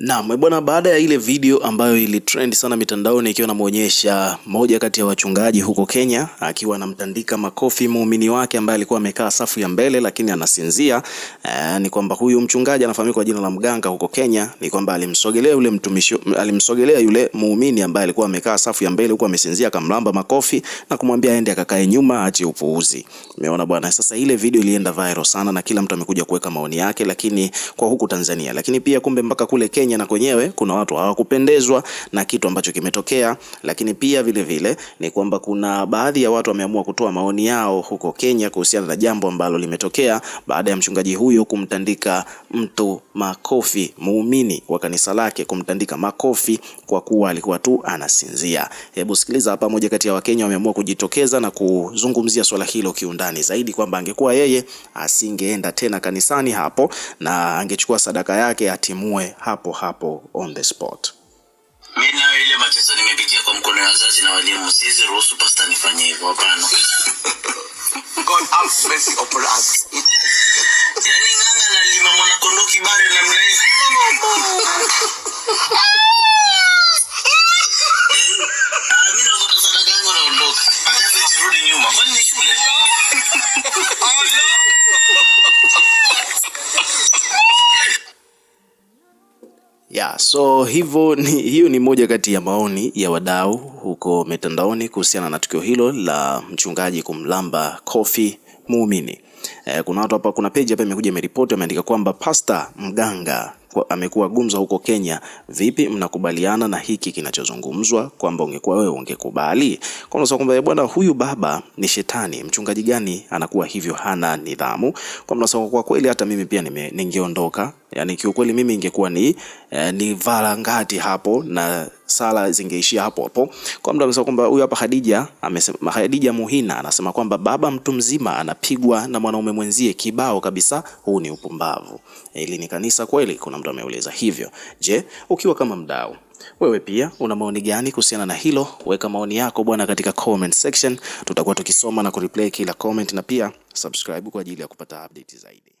Naam, eh, bwana, baada ya ile video ambayo ilitrend sana mitandaoni ikiwa inamuonyesha moja kati ya wachungaji huko Kenya akiwa anamtandika makofi muumini wake ambaye alikuwa amekaa safu ya mbele lakini anasinzia. Ee, ni kwamba huyu mchungaji anafahamika kwa jina la mganga huko Kenya, ni kwamba alimsogelea yule mtumishi, alimsogelea yule muumini ambaye alikuwa amekaa safu ya mbele huko amesinzia, akamlamba makofi na kumwambia aende akakae nyuma aache upuuzi. Umeona bwana, sasa ile video ilienda viral sana na kila mtu amekuja kuweka maoni yake, lakini kwa huku Tanzania, lakini pia kumbe mpaka kule Kenya Kenya na kwenyewe kuna watu hawakupendezwa na kitu ambacho kimetokea, lakini pia vile vile ni kwamba kuna baadhi ya watu wameamua kutoa maoni yao huko Kenya kuhusiana na jambo ambalo limetokea baada ya mchungaji huyo kumtandika mtu makofi, muumini wa kanisa lake kumtandika makofi kwa kuwa alikuwa tu anasinzia. Hebu sikiliza hapa, moja kati ya Wakenya wameamua kujitokeza na kuzungumzia swala hilo kiundani zaidi, kwamba angekuwa yeye asingeenda tena kanisani hapo na angechukua sadaka yake atimue hapo hapo on the spot. Mimi nayo ile mateso nimepitia kwa mkono ya wazazi na walimu, siwezi ruhusu pasta nifanye hivyo, hapana. God have mercy upon us. Yeah, so hivyo ni, hiyo ni moja kati ya maoni ya wadau huko mitandaoni kuhusiana na tukio hilo la mchungaji kumlamba kofi muumini eh, kuna watu hapa, kuna page hapa imekuja imeripoti, ameandika kwamba Pasta Mganga kwa, amekuwa gumzo huko Kenya. Vipi, mnakubaliana na hiki kinachozungumzwa kwamba ungekuwa wewe ungekubali? Kwa sababu kwamba eh, bwana huyu baba ni shetani, mchungaji gani anakuwa hivyo, hana nidhamu. Kwa sababu kwa kweli hata mimi pia ningeondoka, yani kiukweli mimi ingekuwa ni eh, ni varangati hapo na sala zingeishia hapo hapo. Kwa mtu amesema kwamba huyu hapa Khadija amesema, Khadija Muhina anasema kwamba baba mtu mzima anapigwa na mwanaume mwenzie kibao kabisa, huu ni upumbavu. Hili ni kanisa kweli? Kuna mtu ameuliza hivyo. Je, ukiwa kama mdau wewe pia una maoni gani kuhusiana na hilo? Weka maoni yako bwana katika comment section, tutakuwa tukisoma na kureplay kila comment, na pia subscribe kwa ajili ya kupata update zaidi.